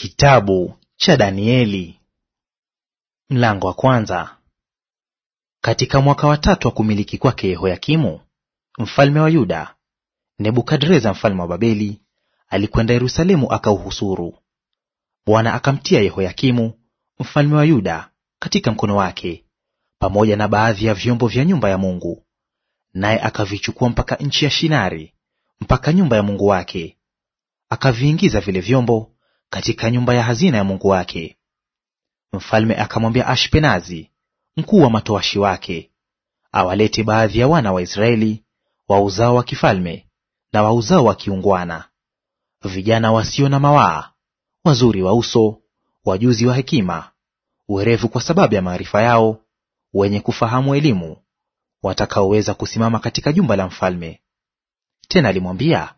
Kitabu cha Danieli mlango wa kwanza. Katika mwaka wa tatu wa kumiliki kwake Yehoyakimu mfalme wa Yuda, Nebukadreza mfalme wa Babeli alikwenda Yerusalemu akauhusuru. Bwana akamtia Yehoyakimu mfalme wa Yuda katika mkono wake, pamoja na baadhi ya vyombo vya nyumba ya Mungu, naye akavichukua mpaka nchi ya Shinari, mpaka nyumba ya Mungu wake, akaviingiza vile vyombo katika nyumba ya hazina ya Mungu wake. Mfalme akamwambia Ashpenazi mkuu wa matoashi wake awalete baadhi ya wana wa Israeli wa uzao wa kifalme na wa uzao wa kiungwana, vijana wasio na mawaa, wazuri wa uso, wajuzi wa hekima, werevu kwa sababu ya maarifa yao, wenye kufahamu elimu, watakaoweza kusimama katika jumba la mfalme. Tena alimwambia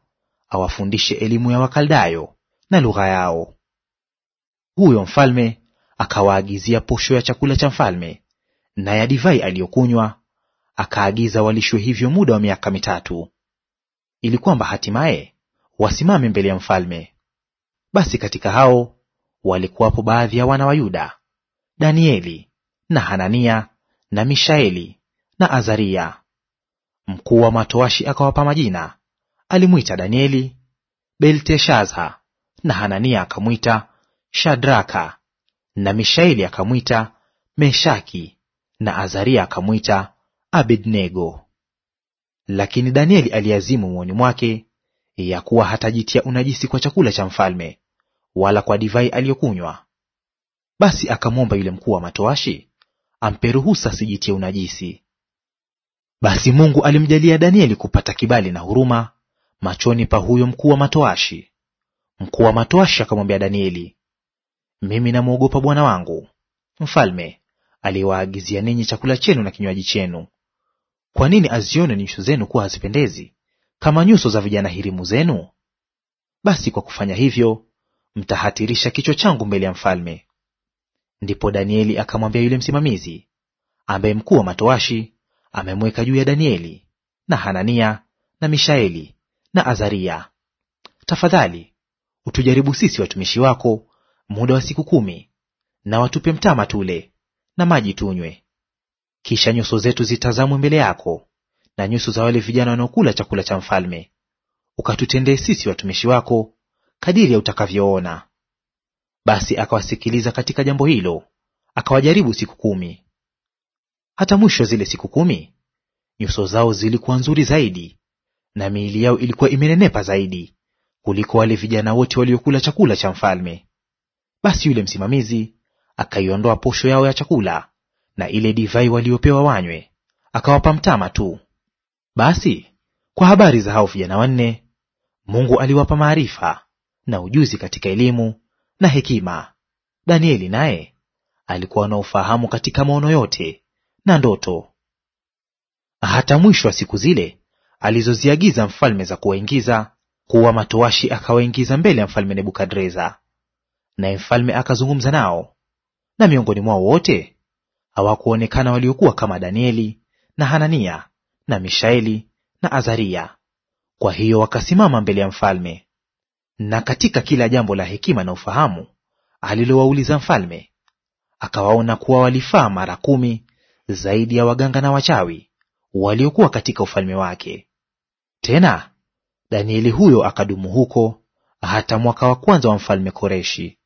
awafundishe elimu ya Wakaldayo na lugha yao. Huyo mfalme akawaagizia posho ya chakula cha mfalme na ya divai aliyokunywa, akaagiza walishwe hivyo muda wa miaka mitatu, ili kwamba hatimaye wasimame mbele ya mfalme. Basi katika hao walikuwapo baadhi ya wana wa Yuda, Danieli na Hanania na Mishaeli na Azaria. Mkuu wa matoashi akawapa majina, alimwita Danieli Belteshaza na Hanania akamwita Shadraka, na Mishaeli akamwita Meshaki, na Azaria akamwita Abednego. Lakini Danieli aliazimu mwoni mwake ya kuwa hatajitia unajisi kwa chakula cha mfalme, wala kwa divai aliyokunywa. Basi akamwomba yule mkuu wa matoashi ampe ruhusa asijitie unajisi. Basi Mungu alimjalia Danieli kupata kibali na huruma machoni pa huyo mkuu wa matoashi, Mkuu wa matoashi akamwambia Danieli, mimi namwogopa bwana wangu mfalme, aliyewaagizia ninyi chakula chenu na kinywaji chenu. Kwa nini azione nyuso zenu kuwa hazipendezi kama nyuso za vijana hirimu zenu? Basi kwa kufanya hivyo mtahatirisha kichwa changu mbele ya mfalme. Ndipo Danieli akamwambia yule msimamizi, ambaye mkuu wa matoashi amemweka juu ya Danieli na Hanania na Mishaeli na Azaria, tafadhali utujaribu sisi watumishi wako muda wa siku kumi, na watupe mtama tule na maji tunywe. Kisha nyuso zetu zitazamwe mbele yako, na nyuso za wale vijana wanaokula chakula cha mfalme; ukatutendee sisi watumishi wako kadiri ya utakavyoona. Basi akawasikiliza katika jambo hilo, akawajaribu siku kumi. Hata mwisho zile siku kumi, nyuso zao zilikuwa nzuri zaidi, na miili yao ilikuwa imenenepa zaidi, kuliko wale vijana wote waliokula chakula cha mfalme. Basi yule msimamizi akaiondoa posho yao ya chakula na ile divai waliopewa wanywe, akawapa mtama tu. Basi kwa habari za hao vijana wanne, Mungu aliwapa maarifa na ujuzi katika elimu na hekima. Danieli naye alikuwa na ufahamu katika maono yote na ndoto. Hata mwisho wa siku zile alizoziagiza mfalme za kuwaingiza kuwa matowashi akawaingiza mbele ya mfalme Nebukadreza. Naye mfalme akazungumza nao, na miongoni mwao wote hawakuonekana waliokuwa kama Danieli na Hanania na Mishaeli na Azaria. Kwa hiyo wakasimama mbele ya mfalme. Na katika kila jambo la hekima na ufahamu alilowauliza mfalme, akawaona kuwa walifaa mara kumi zaidi ya waganga na wachawi waliokuwa katika ufalme wake. Tena Danieli huyo akadumu huko hata mwaka wa kwanza wa mfalme Koreshi.